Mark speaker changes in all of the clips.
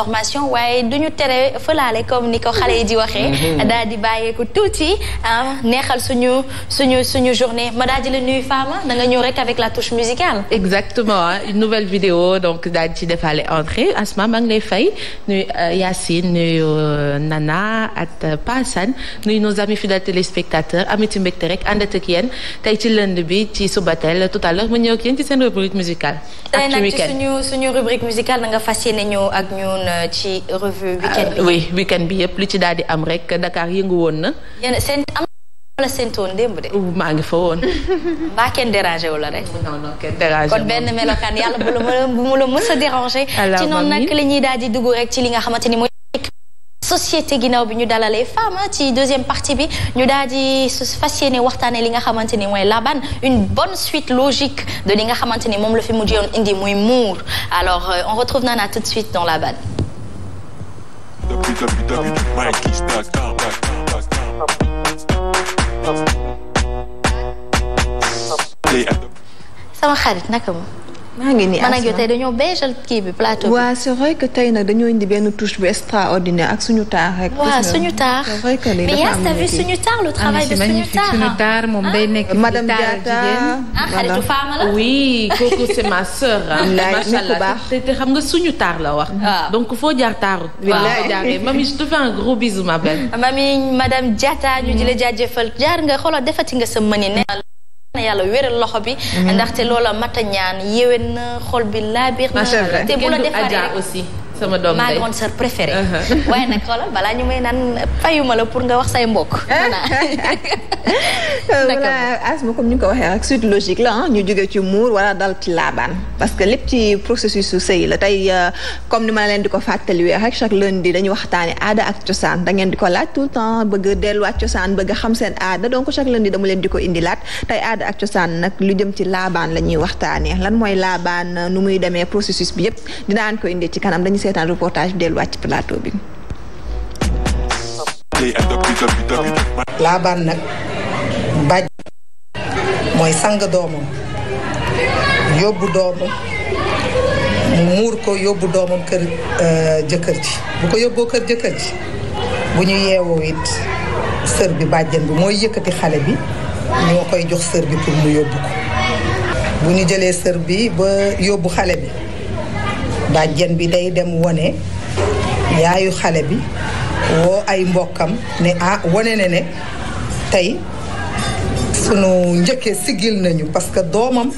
Speaker 1: information waaye du ñu tere fëlaale comme ni ko xale yi di waxee. Mhm. daal di bàyyeeku tuuti ah, neexal suñu suñu suñu journée ma daal di la nuyu Fama da nga ñëw rek avec la touche musicale. exactement une nouvelle vidéo donc daal di ci defaale entrée Asma maa ngi lay fay
Speaker 2: nuyu euh, Yacine nuyu euh, Nana ak euh, Pa Assane nuyu nos amis fidèles téléspectateurs amiti mbégte rek àndat ak yéen tey ci lënd bi ci Subatel tout à l'heure ma ñëw ak yéen ci seen rubrique musicale. ci week-end tey nag ci suñu
Speaker 1: suñu rubrique musicale da nga fas yéene ñëw Euh, ci revue
Speaker 2: week bi. Ah, oui yëpp lu ci daal di am rek Dakar yëngu woon na.
Speaker 1: yéen seen am la séntoon démb maa ngi fa woon. mbaa kenn dérangé wu la rek. non non kenn dérangé kon benn melokaan yàlla bu la bu mu la mës a dérangé. ci noonu nag la ñuy daal di dugg rek ci li nga xamante ni mooy. société ginnaaw bi ñu dalalee femmes ah, ci deuxième partie bi ñu daal di fas yéene waxtaanee li nga xamante ni mooy laban une bonne suite logique de li nga xamante ni moom la fi mujjee woon indi muy muur alors euh, on retrouve Nana tout de suite dans
Speaker 3: www.mikeystack.com.
Speaker 1: sama xarit naka moom.
Speaker 4: maa ngi nii man ak yow tey dañoo béyal kii
Speaker 1: bi plateau bi. waaw
Speaker 4: c'est vrai que nag dañoo indi benn touche bu extraordinaire ak suñu taar rek. waaw suñu taar c'est vrai que léegi dafa am mais yaa vu suñu taar le travail ah, de suñu taar moom bay ah. nekk. madame Diatta ah xaritu
Speaker 1: faama la.
Speaker 2: oui kooku c'est ma sœur. macha allah xam nga suñu taar la wax. Ah. donc
Speaker 1: foo jaar taaru. waaw foo jaaree mami je
Speaker 2: te fais un gros bisou
Speaker 1: ñu di la jaajëfal jaar nga xoolal defati nga sa mëni ne. yàlla wéral loxo bi mhm. ndaxte loola mata ñaan yéwén na xol bi laabir na te bu la defaree
Speaker 2: aussi sama doom
Speaker 1: maa grande sœur
Speaker 4: préférée uh-huh. waaye
Speaker 1: nag xoolal balaa ñu may naan fayuma la pour nga wax say mbokk
Speaker 4: Euh, voilà asma comme ni nga ko waxee rek suite logique la ah, ñu jóge ci muur wala dal ci laabaan parce que lépp ci processus su sëy la tey euh, comme ni ma leen di ko fàttaliwee rek chaque lundi dañu waxtaane aada ak cosaan da ngeen di ko laaj tout le temps bëgg delluwaat cosaan bëgg xam seen aada donc chaque lundi dama leen di ko indilaat tey aada ak cosaan nag lu jëm ci laabaan la ñuy waxtaanee lan mooy laabaan euh, nu muy demee processus bi yëpp dinaan ko indi ci kanam dañu seetaan reportage
Speaker 3: bi delluwaat ci bi laabaan bàjj mooy sang doomam yóbbu doomam mu muur ko yóbbu doomam kër euh, jëkkër ji bu ko yóbboo kër jëkkër ji bu ñu yeewoo it sër bi bàjjen bi mooy yëkkati xale bi ñoo koy jox sër bi pour mu yóbbu ko bu ñu jëlee sër bi ba yóbbu xale bi bàjjen bi day dem wone yaayu xale bi woo ay mbokkam ne ah wone ne ne tey sunu njëkkee siggil nañu parce que doomam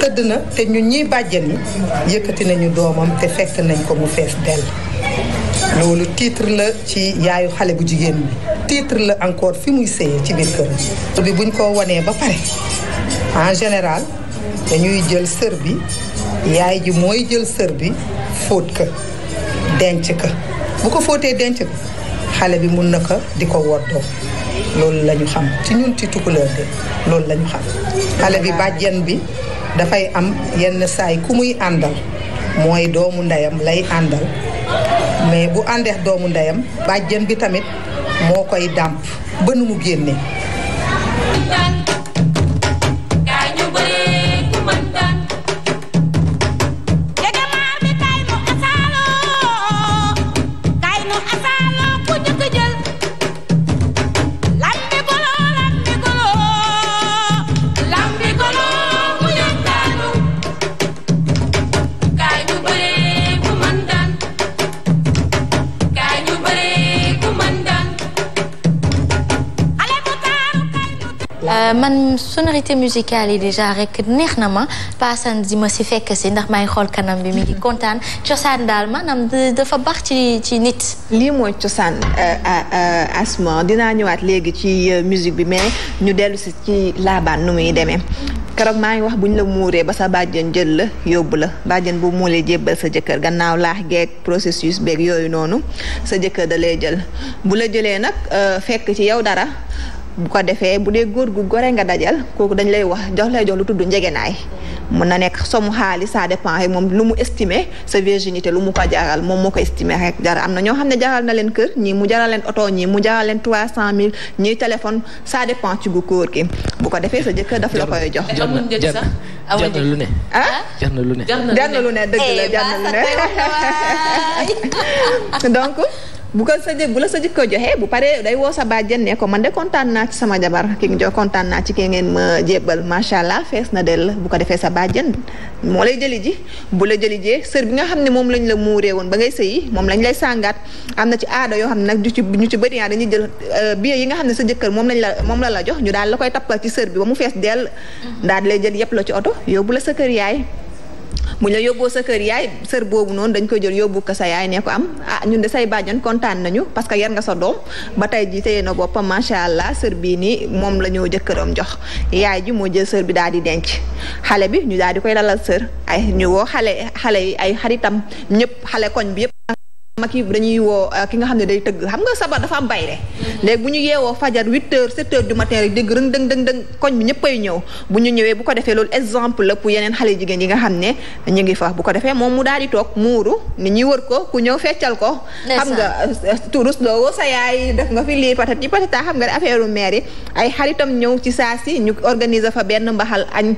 Speaker 3: tëdd na te ñun ñiy bàjjen yi yëkkati nañu doomam te fekk nañ ko mu fees dell loolu tiitre la ci yaayu xale bu jigéen bi titre la encore fi muy séyee ci biir kër bi buñ ko wanee ba pare en général dañuy jël sër bi yaay ji mooy jël sër bi fóot ka denc ka bu ko fóotee denc ka xale bi mun na ko di ko woddoo loolu la xam ci ñun ci tukuleur loolu la ñu xam xale bi bàjjan bi dafay am yenn saay ku muy àndal mooy doomu ndeyam lay àndal mais bu àndeex doomu ndeyam bàjjen bi tamit moo koy dàmp ba nu mu génnee
Speaker 1: man sonorité musicale yi déjà rekk neex na ma paasan di ma si fekk si ndax may xool kanam bi mi ngi mhm. kontaan cosaan daal maanaam
Speaker 4: dafa bax ci ci nit. lii mooy cosaan euh, euh, euh, asma dinaa ñëwaat léegi ci musique bi mais ñu dellu si ci laabaan nu muy demee. keroog maa ngi wax bu ñu la muuree ba sa bàjjan jël la yóbbu la bàjjen bu muulee jébbal sa jëkkër gannaaw laax geeg processus beeg yooyu noonu sa jëkkër da lay jël bu la jëlee nag fekk ci yow dara. bu ko defee bu dee góor gu gore nga dajal kooku dañ lay wax jox lay jox lu tudd njegenaay mun na nekk somu xaalis ça dépend rek moom lu mu estimé sa virginité lu mu ko jaral moom moo ko estimé rek jaral am na ñoo xam ne jaral na leen kër mu jaral leen oto ñii mu jaral leen trois cent mille ñii téléphone ça dépend góor gi bu ko defee sa jëkkër daf la koy jox. jar na lu ne. ah na lu ne. jar na lu ne dëgg la eh, jar na lu ne donc. bu ko sa bu la sa jëkkër joxe bu paree day woo sa bàjjen ne ko man de kontaan naa ci sama jabar ki ngi jox kontaan naa ci ki ngeen ma jébbal macha allah fees na dell bu ko defee sa bàjjen moo lay jëli ji bu la jëli jee sër bi nga xam ne moom lañ la muuree woon ba ngay sëyi moom lañ lay sàngaat am na ci aada yoo xam ne nag ñu ci ñu ci bëri ah dañuy jël euh, billet yi nga xam ne sa jëkkër moom lañ la moom la la jox ñu daal la koy tappal ci sër bi ba mu fees dell mm-hmm. daal lay jël yëpp la ci oto yóbbu la sa kër yaay mu la yóbboo sa kër yaay sër boobu noonu dañ koy jël yóbbu ko sa yaay ne ko am ah ñun de say bàjjan kontaan nañu parce que yar nga sa doom ba tey ji téye na boppam macha allah sër bii nii moom la ñoo jëkkëram jox yaay ji moo jël sër bi daal di denc xale bi ñu daal di koy dalal sër ay ñu woo xale xale yi ay xaritam ñëpp xale koñ bi yëpp Macky dañuy woo euh, ki nga xam ne day tëgg xam nga sabar dafa am bayre mm-hmm. léegi bu ñu yeewoo fajar huit heures sept heures du matin rek dégg rëng dëng dëng dëng koñ bi ñëppay ñëw bu ñu ñëwee bu ko defee loolu exemple la pour yeneen xale jigéen yi nga xam ne ñu ngi fa bu ko defee moom mu daal di toog muuru ni ñuy wër ko ku ñëw feccal ko xam nga euh, turus loo sa yaay def nga fi lii patati patata xam nga ne affaire maire ay xaritam ñëw ci saa si ñu organiser fa benn mbaxal añ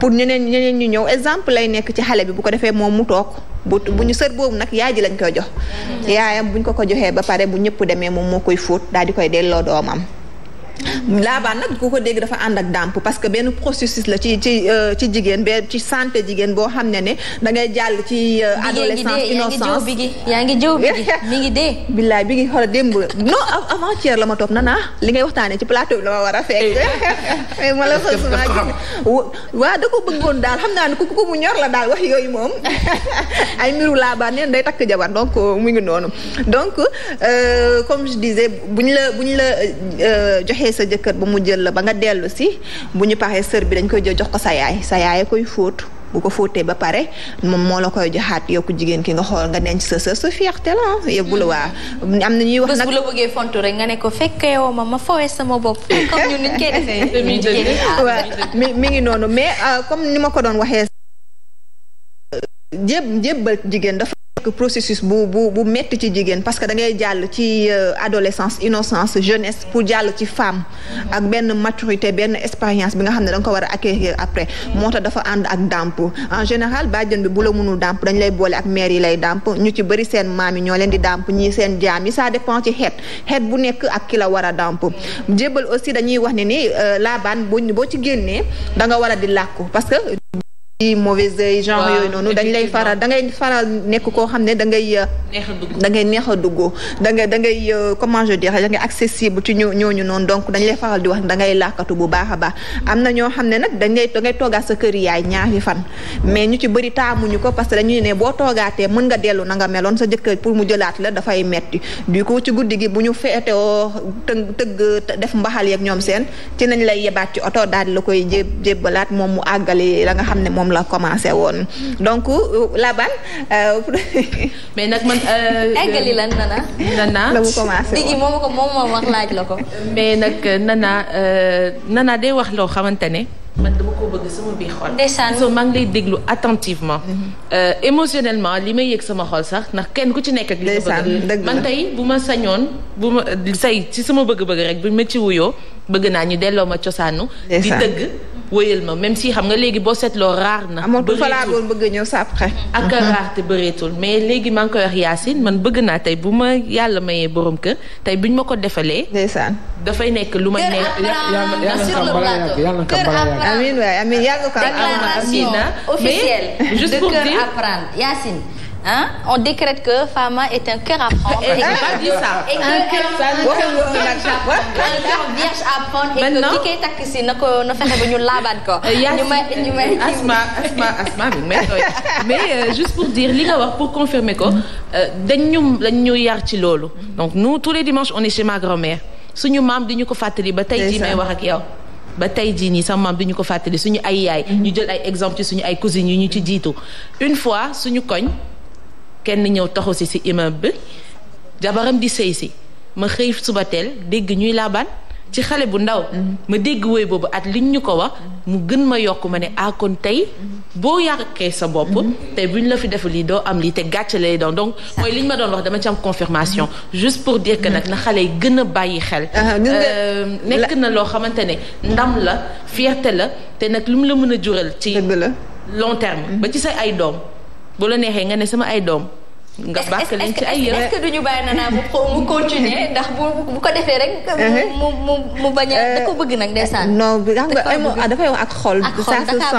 Speaker 4: pour ñeneen ñeneen ñu ñëw exemple lay nekk ci xale bi bu ko defee moom mu toog bu bu ñu sër boobu nag yaay ji lañ koy jox mm-hmm. yaayam buñ ko ko joxee ba pare bu ñëpp demee moom moo koy fóot daal di koy delloo doomam laabaan nag ku ko dégg dafa ànd ak dàmp parce que benn processus la ci ci euh, ci jigéen be ci santé jigéen boo xam ne ne da ngay jàll ci adolescence euh, innocence yaa ngi jëw bi mi ngi dee billaay bi ngi xor a démb non avant hier la ma toog na naa li ngay waxtaanee ci plateau bi la ma war a fekk mais eh. eh, malheureusement waaw da ko bëggoon daal xam naa ne ku ku mu ñor la daal wax yooyu moom ay mbiru laabaan neen day takk jabar donc euh, mu ngi noonu donc comme je disais bu ñu la bu ñu la joxee neexee sa jëkkër ba mu jël la ba nga dellu si bu ñu paree sër bi dañ koy jël jox ko sa yaay sa yaay a koy fóot bu ko fóotee ba pare moom moo la koy joxaat yokku jigéen ki nga xool nga denc sa sër sa te la yëpp la waa am na ñuy wax nag bés bu la bëggee
Speaker 1: fontu rek nga ne ko fekkee woo ma ma fowee sama bopp comme ah,
Speaker 4: mi mi ngi noonu mais euh, comme ni ma ko doon waxee jéb jébbal jigéen dafa nekk processus bu bu bu metti ci jigéen parce que da ngay jàll ci euh, adolescence innocence jeunesse pour jàll ci femme ak benn maturité benn expérience bi nga xam ne da ko war a acquérir après moo tax dafa ànd ak dàmp en général bàjjen bi bu la mënul dàmp dañ lay boole ak mère yi lay dàmp ñu ci bëri seen maam yi ñoo leen di dàmp ñii seen jaam yi ça dépend ci xeet xeet bu nekk ak ki war a dàmp jébbal aussi dañuy wax ne ni euh, laabaan boo ci génnee da war a di ci mauvaise ay genre yooyu dañ lay faral dangay ngay faral nekk koo xam ne da ngay da euh, ngay neex a dugg da ngay da ngay euh, comment je dirais da ngay accessible ci ñoo ñooñu noonu donc dañ lay faral di wax da ngay làkkatu bu baaxa baax am na ñoo xam ne nag dañ lay da ngay toogaat sa kër yaay ñaari fan mais ñu ci bëri taamuñu ko parce que dañuy ne boo toogaatee mën nga dellu na nga meloon sa jëkkër pour mu jëlaat la dafay metti du coup ci guddi gi bu ñu feetewoo të tëgg def mbaxal yeeg ñoom seen ci nañ lay yebaat ci oto daal la koy jé jébbalaat moom mu àggale la nga xam ne moom moom la commencé woon donc euh, Laban. Euh, mais nag man. Euh, eggali la Nana.
Speaker 1: Nana la mu commencé woon léegi
Speaker 4: moom wax laaj la ko. mais nag
Speaker 2: Nana Nana day wax loo xamante ne. man dama ko bëgg sama biir xol. so maa lay déglu attentivement. émotionnellement li may yëg sama xol sax ndax kenn ku ci nekk ak. li nga bëgg man tey bu ma sañoon bu ma say ci sama bëgg-bëgg rek bu ma ci wuyoo bëgg naa ñu delloo ma cosaanu. di tëgg. wëyal ma même si xam nga léegi boo seetloo raar
Speaker 4: na. bëreetul fa laa bëgg ñëw sa après. ak raar
Speaker 2: te bëreetul mais léegi maa ngi koy wax Yacine man bëgg naa tey bu ma yàlla mayee boroom kër tey buñ ma ko defalee. ndeysaan dafay nekk lu ma nekk. yàlla na ko. déclaration officielle de kër
Speaker 1: apprendre Yacine ah on décrète que Fama est un cœur à prendre. et, que un cœur à prendre. et que ki koy takk si na ko na fexe ba ñu laabaat ko. Euh, ñu asma
Speaker 2: asma asma bi may mais euh, juste pour dire li nga wax pour confirmer ko euh, dañ ñu dañ ñu yar ci loolu. donc nous tous les dimanches on est chez ma grand-mère suñu maam di ñu ko fàttali ba tey jii may wax ak yow. ba tey jii nii sama maam du ñu ko fàttali suñu ay yaay. Mm-hmm. ñu jël ay exemple ci suñu ay cousines yi ñu ci jiitu une fois suñu koñ. kenn ñëw taxu si si imam bi jabaram di sëy si ma xëy suba teel dégg ñuy laabaan ci xale bu ndaw mm-hmm. ma dégg woy boobu at liñ ñu ko wax mu gën ma yokk ma ne ah kon tey mm-hmm. boo yàqee sa bopp mm-hmm. tey bu ñu la fi def lii doo am lii te gàcce lay doon donc mooy li ñu ma doon wax dama ci am confirmation juste pour dire que nag na xale yi gën a bàyyi xel ah, ah, euh, nekk na loo xamante ne ndam la fierté la te nag lu mu la mën a jural ci long terme ba ci say ay doom bu la neexee nga ne sama ay doom. nga bàq leen ci
Speaker 1: ay yëre est-ce que duñu bàyyi nana bu xaw mu continuer ndax bu bu ko defee rek.
Speaker 4: mu mu mu bañ a euh, ko bëgg nag ndeysaan. non bi xam nga ah, dafa ak xol. ak xol